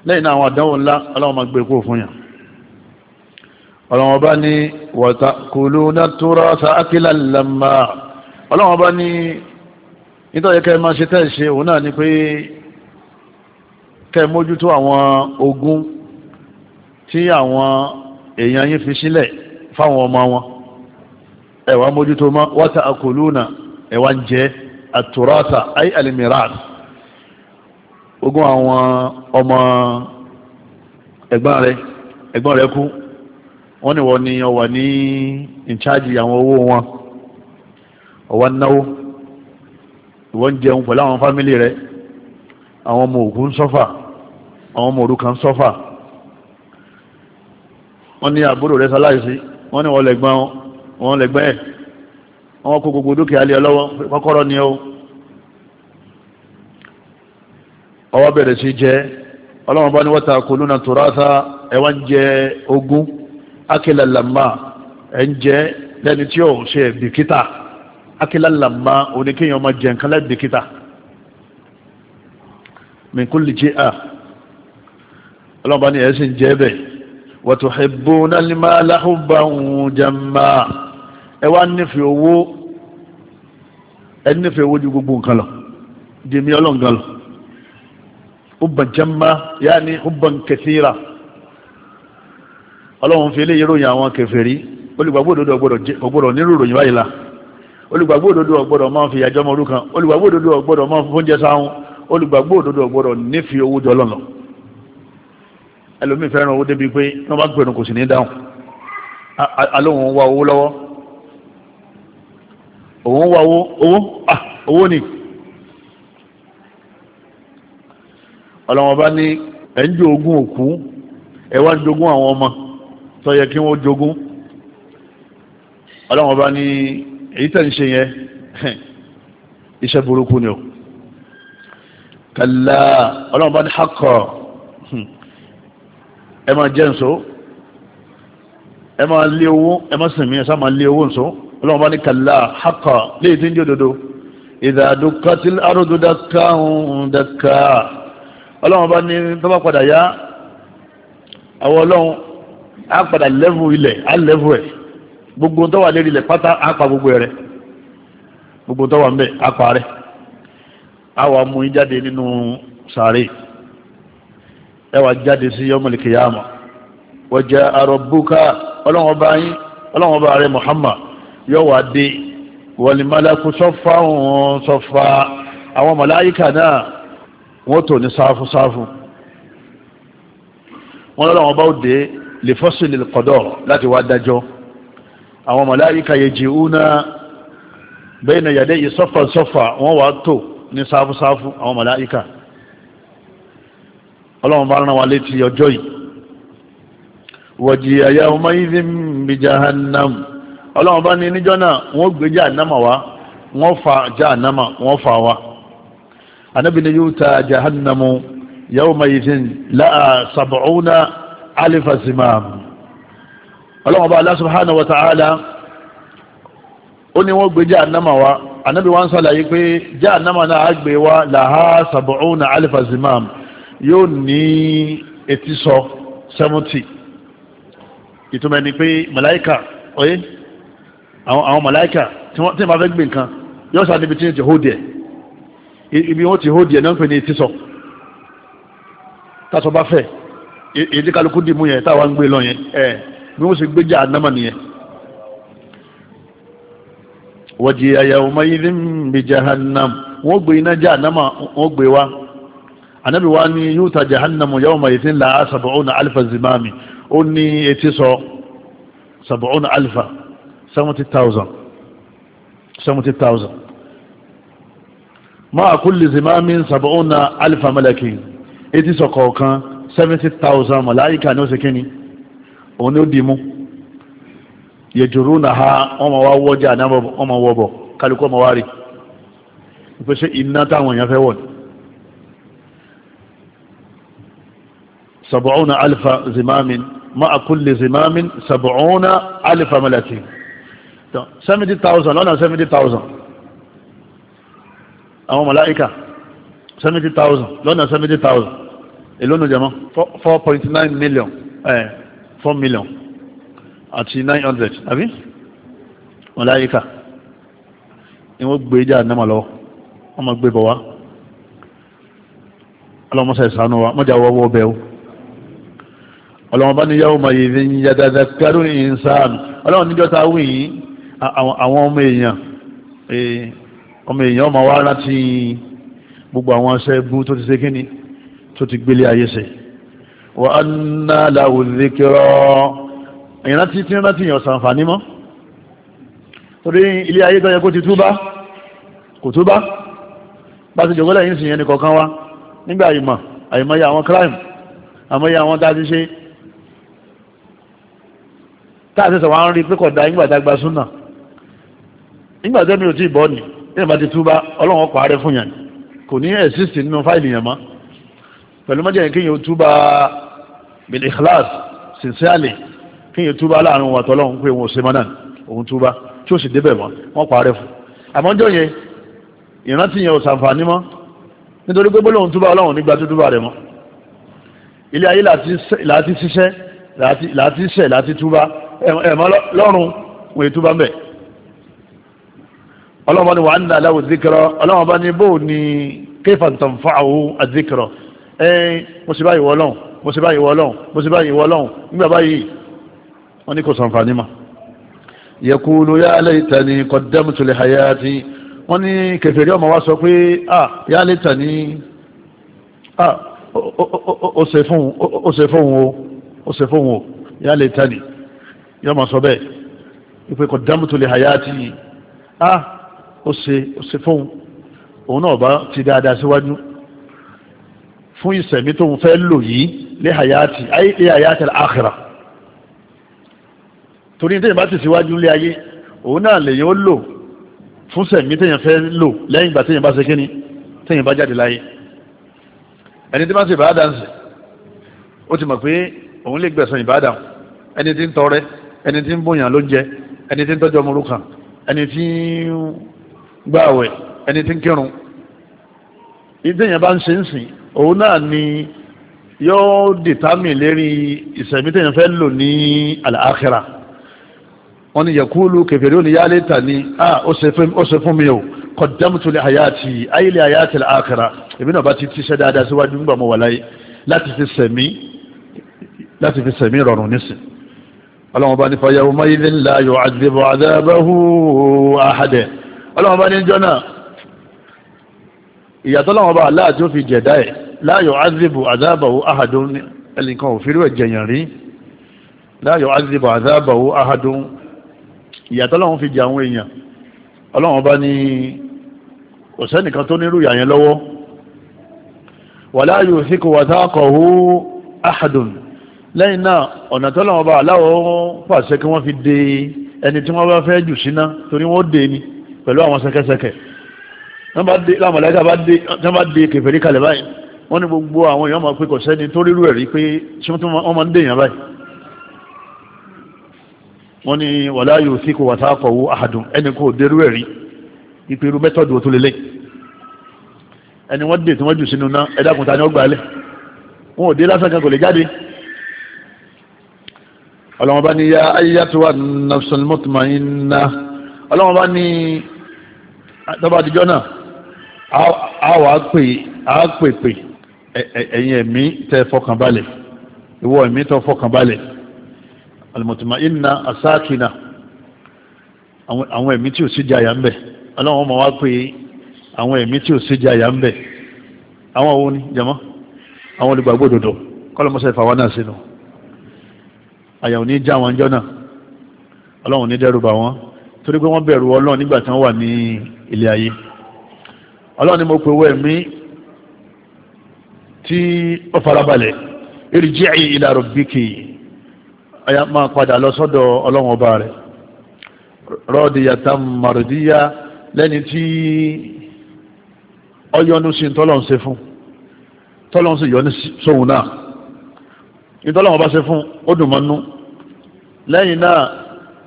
lẹ́yìn àwọn àdánwò ńlá ọlọ́wọ́ máa gbé e kó fún yàn ọlọ́wọ́ bá ní wọ̀ta kùlù nátura sàákìlà lẹ́mà ọlọ́wọ́ bá ní nítorí kẹ́ máa ṣe tẹ́ẹ̀ṣe òun náà ni pé kẹ́ mójútó àwọn ogún tí àwọn èèyàn yín fi sílẹ̀ fáwọn ọmọ wọn ẹ̀wà mójútó mọ́ wọ́ta kùlù náà ẹ̀wà jẹ́ àtúrọ́ta ayé alìmíràn ogún àwọn ọmọ ẹ̀gbọ́n rẹ̀ ẹ̀gbọ́n rẹ̀ kú wọ́n ní wọ́n ní ó wà ní in charge àwọn owó wọn ó wá náwó ìwọ́n ń jẹun pẹ̀lú àwọn fámìlì rẹ̀ àwọn ọmọ òkú ń sọ́fà àwọn ọmọ òrukàn ń sọ́fà wọ́n ní àbúrò rẹ̀ sáláìsí wọ́n ní wọ́n lẹ̀gbọ́n ẹ̀ wọ́n kó gbogbo dúkìá lé ọ lọ́wọ́ ni ó ọwọ́ bẹ̀rẹ̀ sí jẹ́ ọlọ́wọ́n bá ní wọ́n ta kò lónà tòrátà ẹ̀wọ́n ń jẹ ogún akílalàmà ẹ̀ ń jẹ lẹ́ni tí yóò ṣe bìkítà akílalàmà oníkéèyàn máa jẹ nǹkan lẹ́bi bìkítà min kulli ji'a ọlọ́wọ́n bá ní ẹ̀ sì ń jẹ́ bẹ̀ wa tuhibbuna al-mala hubban jamma ẹ̀wọ́n á nífẹ̀ẹ́ owó ẹ̀ nífẹ̀ẹ́ owó ju gbogbo nǹkan lọ jẹ̀mí ọlọ́ngan lọ hubban jamma yaani hubban kathira ọlọ́run fi eléyìí ròyìn àwọn kèfèrí olùgbàgbọ́ òdodo ọgbọ́dọ̀ nírú ròyìn báyìí la olùgbàgbọ́ òdodo ọgbọ́dọ̀ máa fi àjọmọ orúkan olùgbàgbọ́ òdodo ọgbọ́dọ̀ máa fi oúnjẹ sáwọn olùgbàgbọ́ ọgbọ́dọ̀ nífi owó jọ lọ́nà ẹlòmíì fẹ́ràn owó débi pé wọ́n bá gbẹ̀rù kò sì ní dáhùn alóhùn wa owó lọ́wọ́ òun wa owó owó ah owó ni ọlọ́wọ́n bá ní ẹ̀ ń jogún òkú ẹ̀ wá ń jogún àwọn ọmọ tó yẹ kí wọ́n jogún ọlọ́wọ́n bá ní èyí tẹ̀ ń ṣe yẹn iṣẹ́ burúkú ni o kàlá ọlọ́wọ́n bá ní hakọ̀ ẹ máa jẹ́ nsọ ẹ máa lé owó ẹ máa sìn mí ẹ sá máa lé owó nsọ ọlọ́wọ́n ní kàlá hakọ̀ léyìí tí ń jẹ́ òdodo ìdàdúkàtìl arúgbó dákà ń dákà ọlọ́run bá ní tó bá padà yá àwọn ọlọ́run á padà lẹ́fù ilẹ̀ á lẹ́fù ẹ̀ gbogbo tó wà lérí ilẹ̀ pátá á pa gbogbo rẹ̀ gbogbo tó wà ń bẹ̀ á pa rẹ̀ á wà mú yín jáde nínú sàárè ẹ wà jáde sí yọmọlì kìyàmà wọjà àròbùkà ọlọ́run ọba yín ọlọ́run ọba rẹ̀ Muhammad yọ wà dé wọlé malaku sọfà òun sọfà àwọn màláyíkà náà wọ́n tò ní sáfù sáfù wọ́n lọ́dọ̀ wọn bá dé lè fọ́sùn lè kọ́dọ̀ láti wá dájọ́ àwọn màláíkà yẹjì úná bẹ́ẹ̀ na yàdé yìí sọ́fà sọ́fà wọ́n wá tò ní sáfù sáfù àwọn màláíkà ọlọ́run bá rán wa létí ọjọ́ yìí wọ̀jì ọmọ yìí ń bi jahannam ọlọ́run bá ní níjọ́ náà wọ́n gbé jahannama wá wọ́n fa jahannama wọ́n fa wa anábì ni yóò ta jahannamu yawma yìí láà sàbọ̀ọ́nà alifasimam ọlọ́wọ́n bá Allah subhanahu wa ta'ala ó ní wọ́n gbé jahannama wa anábì wọ́n sàlàyé pé jahannama náà á gbé wa làhá sàbọ̀ọ́nà alifasimam yóò ní etí sọ sẹ́mùtì ni pé màláìkà ọ̀yẹ́ àwọn màláìkà ti máa fẹ́ gbé nǹkan yóò sàdébi tí ń jẹ́ hóde ẹ̀ ibi wọ́n ti hóòdì ẹ̀ náà ń pè ní tísọ tásọ bá fẹ̀ èdè e, e, kálukú dìmú yẹn táwa ń gbé lọ yẹn ẹ bí wọ́n sì gbé jà ànámà nìyẹn. wọ́jì àyàwó mayídé ń bi jahannam wọ́n gbé iná jà ànámà wọ́n gbé wa anabi wa ni yóò ta jahannamu yawma mayídé la sab'una alfa zimami ó ní etí sọ sab'una alfa seventy thousand seventy thousand máa kulli zimamin sab'una alifa mẹ́lẹ̀kì etí sọ̀kọ̀ kan seventy thousand màláyíkà ní oṣù kínní òun ni ó dì mú yẹjùrú na ha wọn ma wá wọjà náà wọn ma wọ bọ kálukú ọmọ wa rí ìpèsè iná táwọn èèyàn fẹ́ wọ̀ ni. sab'una alifa zimamin máa kulli zimamin sab'una alifa mẹ́lẹ̀kì seventy thousand lọ́nà seventy thousand àwọn màláíkà seventy thousand lọ́nà seventy thousand èló nù jẹ́mọ́ four point nine million Eh, four million àti nine hundred àbí màláíkà ni wọ́n gbé jà nàmà lọ́wọ́ wọ́n máa gbé bọ̀ wá ọlọ́mọṣẹ́ ìsànú wa mọ́jà wọ́wọ́ bẹ́ẹ̀ o ọlọ́mọba ní yawma idhin yatadhakkaru al-insan ọlọ́run níjọ́ ta wí àwọn ọmọ èèyàn ọmọ èèyàn máa wá láti gbogbo àwọn aṣẹ́ ẹgbú tó ti ṣe kíni tó ti gbélé ayé ṣe wà á ná làwù zikirọ́ èèyàn láti tí rántí èèyàn sàǹfààní mọ́ torí ilé ayé tó yẹ kó ti túbá kò túbá bá ti jòkó lẹ́yìn sì yẹn ní kọ̀ọ̀kan wá nígbà àyìmọ̀ àyìmọ̀ yà àwọn crime àmọ́ àwọn dájú ṣe táà ṣẹ̀ṣẹ̀ wà ń rí pé kódà nígbà tá a gba súnà nígbà tẹ́mi ò tí ì bọ́ ni yẹn bá ti túbá ọlọ́run ọkọ̀ ààrẹ fún yẹn kò ní ẹ̀sìsì nínú fáìlì yẹn mọ́ pẹ̀lú mọ́jẹ́ yẹn kéèyàn túbá bil ikhlas sincerely kéèyàn túbá láàrin wọn àtọ́lọ́run pé wọn ò ṣe mọ́ náà òun túbá tí ó sì débẹ̀ mọ́ wọn pààrẹ fún àmọ́ ọjọ́ yẹn ìrántí yẹn ò sàǹfààní mọ́ nítorí pé bọ́lọ́run túbá ọlọ́run nígbà tó túbá rẹ̀ mọ́ ilé ayé láti ṣiṣẹ́ láti ṣẹ̀ láti túbá ẹ̀mọ́ ọlọ́wọ́n bá ní wàá nílẹ̀ aláwọ̀ zikirọ ọlọ́wọ́n bá ní bó ní kéfà tó ń fa àwọn àzikirọ ẹ mo sì báyìí wọlọ́n mo sì báyìí wọlọ́n mo sì báyìí wọlọ́n nígbà báyìí wọ́n ní kò sànfàní mà yẹkulu yá aláìtani qaddamtu li hayati wọ́n ní kẹfẹ́rí ọmọ wa sọ pé ah yá aláìtani ah ó ṣe fún ó ṣe fún o ó ṣe fún o yá aláìtani yọ́ọ́ máa sọ bẹ́ẹ̀ ìpè qaddamtu li hayati ah ó ṣe ó ṣe fóun òun náà bá ti dáadáa síwájú fún ìsẹ̀mí tóun fẹ́ lò yìí lé hayati ayé lé hayati àkìrà torí téèyàn bá ti síwájú lé ayé òun náà lèyìn ó lò fún sẹ̀mí téèyàn fẹ́ lò lẹ́yìn ìgbà téèyàn bá ṣe kíni téèyàn bá jáde láyé ẹni tí wọ́n ṣe ìbáradà ń sè ó ti mọ̀ pé òun lè gbẹ̀sán ìbáradà ẹni tí ń tọrẹ ẹni tí ń bóyàn ló ẹni tí ń tọ́jú ọmọ orúkàn ẹni tí ń gbààwẹ̀ ẹni tí ń kírun ìdíyẹn bá ń ṣe ń sìn òun náà ni yóò dìtámì lérí ìsẹ̀mí tẹ̀yìn fẹ́ lò ní àlàáxírà wọ́n ní yakulu kẹfẹ́rẹ́ òní yálé tà ní à ó ṣe fún mi o qaddamtu li hayati ayílẹ̀ hayati èmi náà bá ti tíṣẹ́ dáadáa síwájú nígbà mo wà láyé láti fi sẹ̀mí rọrùn nísìn ọlọ́run bá ní fa yawma idhin la yu'adhibu 'adhabahu ahad ọlọ́wọ́n bá ní jọ́nà ìyàtọ̀ lọ́wọ́n bá aláàtí ó fi jẹ̀dá ẹ̀ láyọ̀ azibu azabahu ahadun ẹnìkan ò fírú ẹ̀ jẹ̀yàn rí láyọ̀ azibu azabahu ahadun ìyàtọ̀ lọ́wọ́n fi jẹ àwọn èèyàn ọlọ́wọ́n bá ní ọ̀sẹ́nìkan tó nírú ìyà yẹn lọ́wọ́ wala yuthiqu wathaqahu ahadun lẹ́yìn náà ọ̀nà tọ́lọ́wọ́n bá aláwọ̀ pàṣẹ kí wọ́n fi de ẹni tí wọ́n bá fẹ́ jù síná torí wọ́n dé ni pẹ̀lú àwọn sẹ́kẹ́sẹ́kẹ́ lámọ̀lẹ́gà bá dé kèfèrí kalẹ̀ báyìí wọ́n ní gbogbo àwọn èèyàn máa pé kò sẹ́ni tó rírú ẹ̀rí pé tí wọ́n máa ń dèèyàn báyìí wọ́n ní wàlá yóò sí kò wà tá kọ̀wó àdùn ẹni kò dérú ẹ̀rí ipe irú mẹ́tọ̀dù tó lélẹ̀ ẹni wọ́n dè tí wọ́n jù sínú náà ẹ̀dàkùnta ni ó gbà lẹ̀ wọn ò dé lásán kan kò lè jáde ọlọ́wọ́n bá ní ya ayyatuwa nafsul mutmainna ọlọ́wọ́n bá ní Ah, tọ́ba àtijọ́ náà a wà pè á pè pè ẹ̀yin ẹ̀mí tẹ́ fọkànbalẹ̀ ìwọ ẹ̀mí tọ́ fọkànbalẹ̀ alimọ̀tìmọ̀ ìnà asákìnà àwọn ẹ̀mí tí ò sí jàyà ń bẹ̀ ọlọ́run ọmọ wa pè àwọn ẹ̀mí tí ò sí jàyà ń bẹ̀ àwọn òun ni àwọn olùgbàgbọ́ òdòdó ìfàwọ́ náà sínú já wọn jọ náà ọlọ́run ní dẹ́rù torí pé wọ́n bẹ̀rù ọlọ́run nígbà tí wọ́n wà ní ilé ayé ọlọ́run ni mo pe owó ẹ̀mí tí ó farabalẹ̀ irji'i ila rabbiki ọ̀yà máa padà lọ sọ́dọ̀ ọlọ́run ọba rẹ̀ radiyatan mardiya lẹ́ni tí ọyọ́nu sí tọ́lọ́run ṣe fún tọ́lọ́run sì yọ́nu sóhun náà ìtọ́lọ́run ọba ṣe fún ó dùn mọ́nú lẹ́yìn náà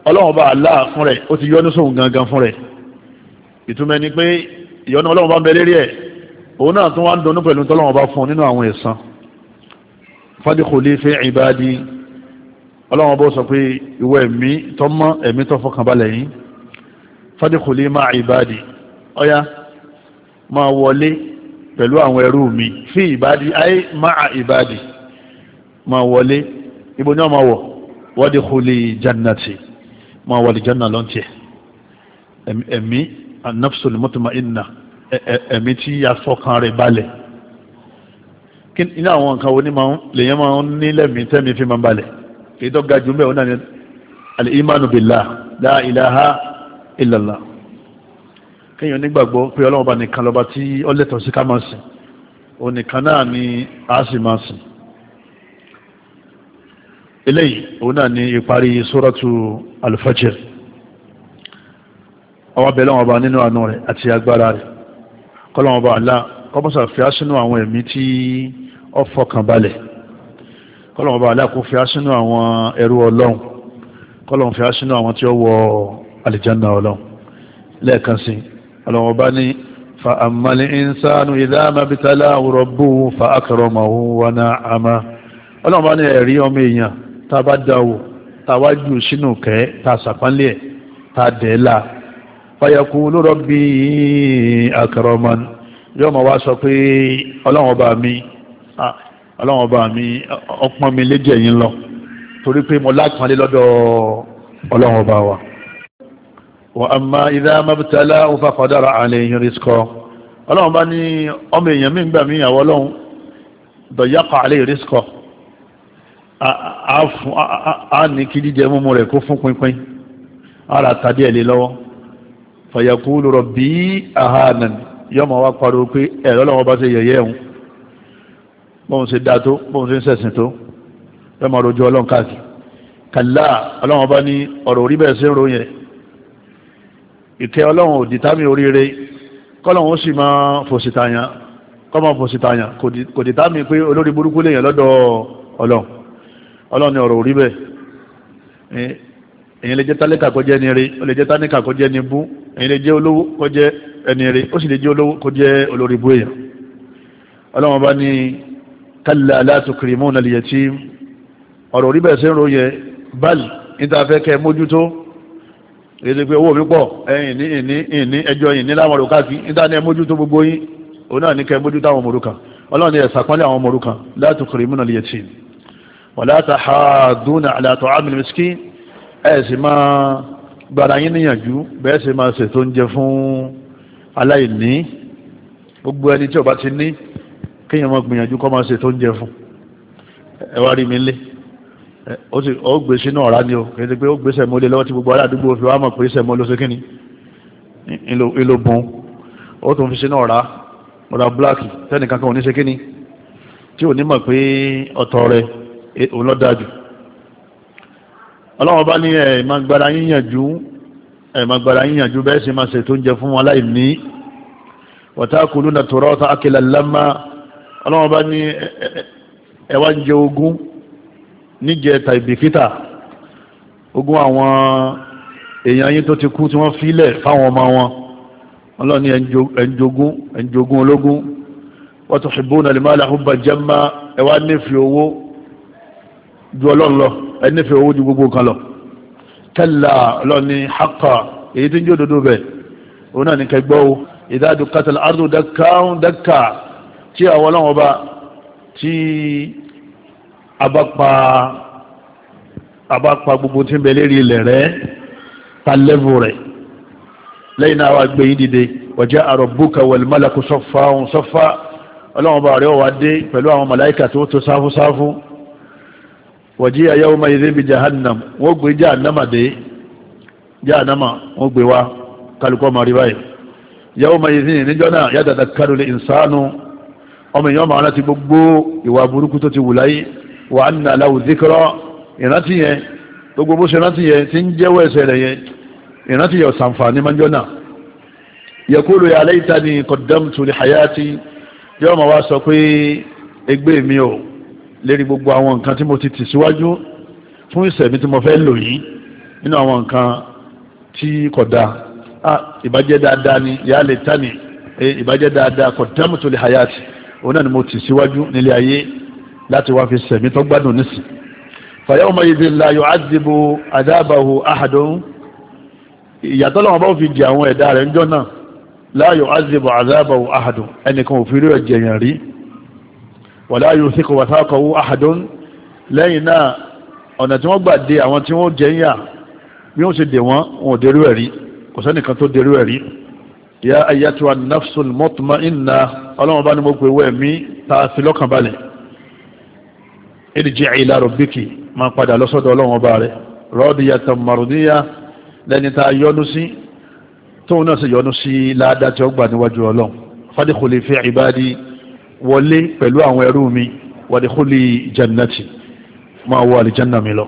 ọlọ́run bá Allah fún rẹ̀ ó ti yọ́nú sóhun gangan fún rẹ̀ ìtumọ̀ ni pé ìyọ́nú ọlọ́run bá ń bẹ lérí ẹ̀ òun náà tún wá ń dunnú pẹ̀lú tọ́lọ́run bá fún nínú àwọn ẹ̀san fadkhuli fi ibadi ọlọ́run bó sọ pé ìwọ ẹ̀mí tó mọ́ ẹ̀mí tó fọkànbalẹ̀ yín fadkhuli ma ibadi ọ̀yá máa wọlé pẹ̀lú àwọn ẹrú mi fi ibadi ayé máa ibadi máa wọlé ibo ni wọ́n máa wọ̀ wadkhuli jannati máa wà lìjánà lọ́ntì ẹ̀mí anafsul mutma'inna ẹ̀mí tí a sọkàn rẹ̀ balẹ̀ kí ní àwọn nǹkan wo ni lèyàn máa ń ní lẹ́mí tẹ́mi fi máa balẹ̀ èyí tó ga jù mẹ́wọ́n náà ni al-imanu billah la ilaha illallah kéèyàn nígbàgbọ́ pé ọlọ́run bá nìkan lọ́ba tí ó lẹ́tọ̀ọ́ sí ká máa sìn òun nìkan náà ni a sì máa sìn eléyìí òun náà ni ìparí suratu al-Fajr àwọn abẹ́lẹ́ wọn bá nínú àánú rẹ̀ àti agbára rẹ̀ kọ́lọ́wọ́n bá àlá kọ́mọ́sà fi á sínú àwọn ẹ̀mí tí ó fọkàn balẹ̀ kọ́lọ́wọ́n bá àlá kó fi á sínú àwọn ẹrú ọlọ́run kọ́lọ́wọ́n fi á sínú àwọn tí ó wọ àlìjáná ọlọ́run lẹ́ẹ̀kan sí ọlọ́wọ́n bá ní fa ammal insanu idha mabtalahu rabbuhu fa akramahu wa na'ama ọlọ́wọ́n bá ní ẹ̀rí ọmọ èèyàn tá a bá da wò tá a wá jù sínú kẹ́ tá a sàpánlẹ̀ ẹ̀ tá a dẹ̀ la fayaqulu rabbi akraman yóò máa wá sọ pé ọlọ́run ọba mi ọlọ́run ọba mi ọpọ́n mi léjẹ̀ yín lọ torí pé mo lákànlé lọ́dọ̀ ọlọ́run ọba wa. wa amma idha mabtalahu faqadara alayhi rizqahu ọlọ́run bá ní ọmọ èèyàn mí gbà mí ìyàwó ọlọ́run dọ̀yàkọ̀ àlẹ́ ìrísíkọ̀ a ní kí jíjẹ múmú rẹ̀ kó fún pínpín ara tàbí ẹ̀lẹ́ lọ́wọ́ fàyàkú lọ́rọ̀ bí ahanan yọmọ wá pariwo pé ẹ̀rọ lọ́wọ́ bá ṣe yẹ̀yẹ́ ẹ̀hún bóun ṣe dá tó bóun ṣe ń sẹ̀sìn tó yọmọ rojú ọlọ́run káàkiri kàlá ọlọ́run bá ní ọ̀rọ̀ orí bẹ́ẹ̀ ṣe ń ròyìn ìkẹ́ ọlọ́run òdì támì oríire fòsìtàyàn kò dì pé olórí burúkú lèèyàn lọ́dọ̀ ọlọ́run ọlọ́run ni ọ̀rọ̀ orí bẹ́ẹ̀ èyí lè jẹ́ tálíkà kó jẹ́ ẹni rí ó lè jẹ́ tálíkà kó jẹ́ ẹni bú èyí lè jẹ́ olówó kó ẹni rí ó sì lè jẹ́ olówó kó olórí bú èèyàn ọlọ́run bá ní kalla la tukrimuna al-yatim ọ̀rọ̀ orí bẹ́ẹ̀ sí ń ro yẹ báyìí níta fẹ́ kẹ́ mójútó èdè pé owó mi pọ̀ ẹ̀yìn ní ìní ìní ẹjọ́ ìní láwọn ọ̀rọ̀ káàkiri níta ní ẹ mójútó gbogbo yín òun náà ní kẹ́ mójútó àwọn ọmọ òrukàn ọlọ́run ni ẹ̀sàpọ́nlé àwọn ọmọ òrukàn la tukrimuna al-yatim ولا tahaduna ala ta'amil miskin ẹ̀ sì máa gbara yín ما ستنجفون على máa ṣètò oúnjẹ كي aláìní gbogbo ẹni tí ó bá ti ní kéèyàn máa gbìyànjú kó máa ṣètò oúnjẹ fún ẹ wá rí mi lé ó sì ó gbé sínú ọ̀rá ni o kì í ṣe pé ó gbé sẹ̀mó lé lọ́wọ́ tí gbogbo aládùúgbò fi wá mọ̀ pé sẹ̀mó ló ṣe kí ni ìlò bùn ó tún fi sínú ọ̀rá ọ̀rá búláàkì tẹ́nìkan kan ò ní ṣe kí ni tí ò ní mọ̀ pé ọ̀tọ̀ rẹ̀ òun lọ dájú ọlọ́wọ́n bá ní ẹ̀ máa gbára yíyànjú ẹ̀ máa gbára yíyànjú bẹ́ẹ̀ sì máa ṣe tó ń jẹ fún wọn láì ní wọ́tákùlù náà tọrọ ọ̀tá akílẹ̀ lámà ọlọ́wọ́n bá ní ẹ̀ wá ń jẹ ogún níjẹ tàìbìkítà ogún àwọn èèyàn yín tó ti kú tí wọ́n fílẹ̀ fáwọn ọmọ wọn ọlọ́ni ẹnjogún ẹnjogún ológun wọ́n tó ṣùgbọ́n nàlẹ́ máa làhùn bàjẹ́ ju ọlọ́run lọ ẹ nífẹ̀ẹ́ owó ju gbogbo nǹkan lọ kalla ọlọ́ni haqqa èyí tí ń jó dodo bẹ̀ òun náà ní kẹgbọ́ o idha duqqat al-ardu dakkan dakka tí àwọn ọlọ́run ọba tí abapa abapa gbogbo tí ń bẹ lérí ilẹ̀ rẹ̀ ta lẹ́vù rẹ̀ lẹ́yìn náà wà gbé yín dìde wa ja'a rabbuka wal malaku saffan saffa ọlọ́run ọba rẹ̀ wà dé pẹ̀lú àwọn màláìkà tó tó sáfúsáfú wọ̀jí ayáwó máa yẹ débi jahannam wọ́n gbé jahannama dé jahannama wọ́n gbé wá kálukọ́ máa rí báyìí yàwó máa yẹ sìn níjọ́ náà yàtọ̀ dàkàrò lè nsánú ọmọ èèyàn máa rántí gbogbo ìwà burúkú tó ti wù láyé wà á nà láwù zikirọ́ ìrántí yẹn gbogbo bó ṣe rántí yẹn ti ń jẹ́wọ́ ẹsẹ̀ rẹ̀ yẹn ìrántí yẹn sànfàní máa ń jọ́ náà yẹkúlù yà lẹ́yìn tani kọ̀dọ́mù tù lérí gbogbo àwọn nǹkan tí mo ti tì síwájú fún ìṣẹ̀mí tí mo fẹ́ lò yìí nínú àwọn nǹkan tí kò da ìbàjẹ́ dáadáa ni ìyá lè ta ni e, ìbàjẹ́ dáadáa kò dáàmú tó lè hayati òun náà ni mo tì síwájú nílé ayé láti wá fi ṣẹ̀mí tó gbádùn nísì fàyàwó ma yìí la yọ àdìbò àdábàwò àhàdùn ìyàtọ̀ làwọn bá fi di àwọn ẹ̀dá rẹ̀ ńjọ́ náà láyọ̀ àdìbò àdábàwò àhàdùn ẹnìkan ò fi rí ọ̀jẹ̀yàn rí wàlá yóò sí kò wà sáàkọ̀wó àhàdún lẹ́yìn náà ọ̀nà tí wọ́n gbà dé àwọn tí wọ́n jẹ́ ń yà bí wọ́n ṣe dè wọ́n wọn ò dérú ẹ̀rí kò sẹ́nìkan tó dérú ẹ̀rí ya ayatuwa nafsul mutma'inna ọlọ́wọ́n bá ní mo pè wẹ́ mi ta sí lọ́kàn balẹ̀ irji ila rabbiki máa padà lọ́sọ́dọ̀ ọlọ́wọ́n bá rẹ̀ radiyatan mardiya lẹ́ni wọlé pẹ̀lú àwọn ẹrú mi wàdíkúlì jannati máa wọ àlìjánná mi lọ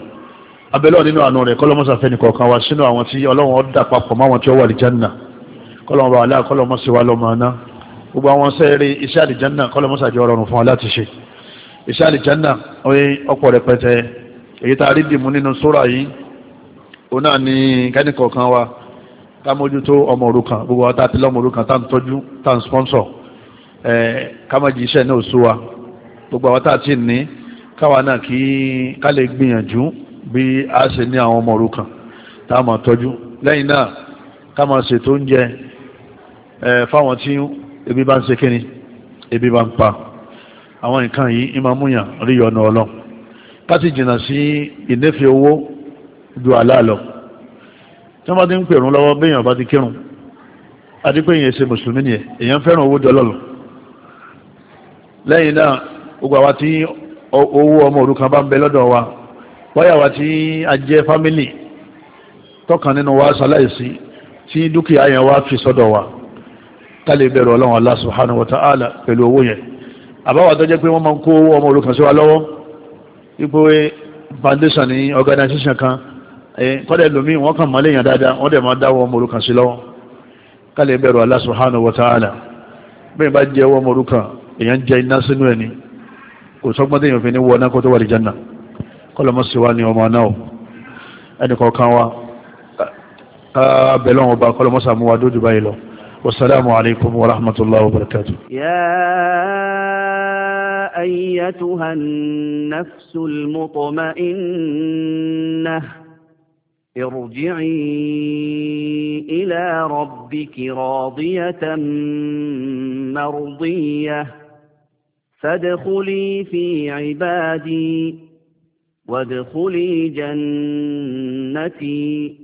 abẹ́lẹ́ nínú àánú rẹ̀ kọ́lọ́mọ́sá fẹ́ nìkọ̀ọ̀kan wá sínú àwọn tí ọlọ́run ó dà papọ̀ máwọn tí ó wà àlìjánná kọ́lọ́mọba alá kọ́lọ́mọ́sí wa lọ́mọ aná gbogbo àwọn sẹ́ẹ̀rí iṣẹ́ àlìjánná kọ́lọ́mọ́sá jẹ́ ọ̀rọ̀rùn fún wa láti ṣe iṣẹ́ àlìjánná oye ọ̀pọ̀ rẹpẹtẹ èyí tá a rí dìmú nínú sóra yìí òun náà ni kẹ́nìkọ̀ọ̀kan wa ká mójútó ọmọ òrukàn gbogbo wa tá a ti lọ́mọ òrukàn tá à ń tọ́jú tá à ń sponsor kama iṣẹ́ náà sú wa gbogbo àwọn ti ní káwa náà kí ká lè gbìyànjú bí a ṣe ní àwọn ọmọ a tọ́jú lẹ́yìn náà ká ṣètò oúnjẹ fáwọn tí ebi bá ń ṣe kíni ebi bá ń pa àwọn nǹkan yìí ìmọ̀ múyàn rí ọ̀nà ọlọ́ ká jìnnà sí owó ju àlá tí wọ́n bá ti ń pèrún lọ́wọ́ béèyàn bá ti kírun adé pé èèyàn ṣe mùsùlùmí nìyẹn èèyàn lẹ́yìn náà gbogbo àwa tí owó ọmọ òrukàn bá ń bẹ lọ́dọ̀ wa bóyá wa tí a jẹ́ fámílì tọ́kàn nínú wa ṣaláìsí tí dúkìá yẹn wá fi sọ́dọ̀ wa ká lè ọlọ́run Allah subhanahu wa ta'ala pẹ̀lú owó yẹn àbáwà tó jẹ́ pé wọ́n máa ń kó owó ọmọ òrukàn sí wa lọ́wọ́ ipò foundation ní organization kan kọ́dẹ̀ lómi wọ́n kàn mọ́lẹ̀ yàn dáadáa wọ́n dẹ̀ máa dáwọ́ ọmọ òrukàn sí lọ́wọ́ ká lè bẹ̀rù Allah subhanahu wa ta'ala bẹ́ẹ̀ bá jẹ́ ọmọ òrukàn èyàn jẹ iná sínú ẹni kò sọ́gbọ́n tí èyàn fi ní wọ náà kó tó wà lè jẹ́nà kọlọmọ sí wa ní ọmọ náà ẹnì kọ̀ọ̀kan wa abẹ̀lẹ́ wọn ba kọlọmọ sàmú wa dójú báyìí lọ wasalaamu alaykum wa rahmatulahi wa barakatu. yaa ayyatuha nafsul mutma'innah. ارجعي إلى ربك راضية مرضية فادخلي في عبادي وادخلي جنتي